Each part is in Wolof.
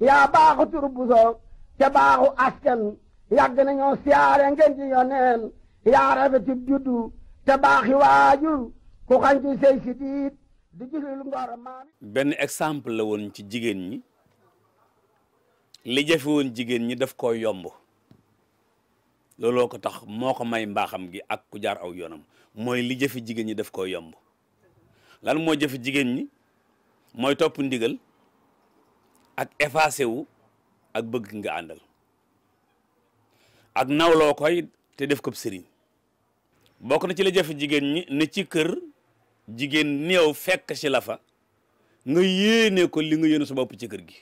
yaa baaxu turu te baaxu askan yàgg nañoo siyaare ngeen ci yoneen yaa rafetub juddu te baaxi waajur ku xañ ci sey sitiit di julil ngor maam benn exemple la woon ci jigéen ñi li jafe woon jigéen ñi def koo yomb looloo ko tax moo ko may mbaaxam gi ak ku jaar aw yoonam mooy li jafe jigéen ñi def ko yomb lan moo jafe jigéen ñi mooy topp ndigal ak effacé wu ak bëgg nga àndal ak nawloo koy te def ko sëriñ bokk na ci la jafe jigéen ñi ne ci kër jigéen néew fekk ci la fa nga yéene ko li nga yéene sa bopp ci kër gi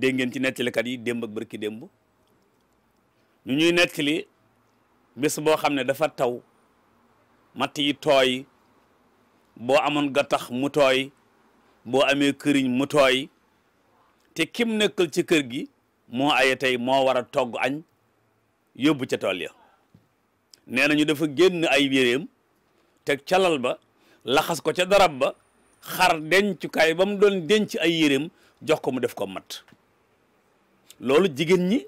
dégg ngeen ci nettalikat yi démb ak barki démb nu ñuy nettali bés boo xam ne dafa taw matt yi tooy boo amoon gattax mu tooy boo amee këriñ mu tooy te kim nekkal ci kër gi moo aye tey moo war a togg añ yóbbu ca tool ya nee nañu dafa génn ay yéreem teg ca lal ba laxas ko ca darab ba xar dencukaay ba mu doon denc ay yéreem jox ko mu def ko mat loolu jigéen ñi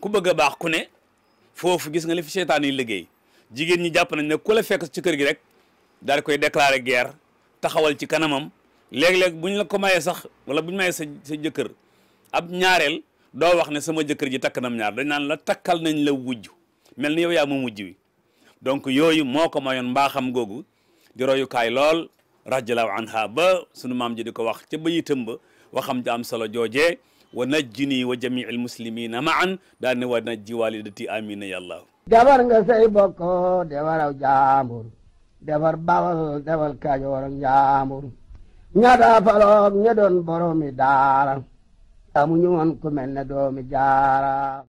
ku bëgg a baax ku ne foofu gis nga li fi yi liggéey jigéen ñi jàpp nañ ne ku la fekk ci kër gi rek daal koy déclarer guerre taxawal ci kanamam léeg-léeg bu ñu la ko mayee sax wala bu ñu mayee sa sa jëkkër ab ñaareel doo wax ne sama jëkkër ji takk nam ñaar dañ naan la takkal nañ la wujj mel ni yow yaa moom wujj wi donc yooyu moo ko mayoon mbaaxam googu di royukaay lool radiallahu anha ba sunu maam ji di ko wax ca ba itam ba waxam ja am solo joojee wa najjini wa jamii al muslimina maan daal ne wa najji walidati amina yàlla defar nga say bokk defaraw jaambur defar bawal defal kaajoor ak jaambur ña daa faloog ña doon boromi daara amuñu woon ku mel doomi jaara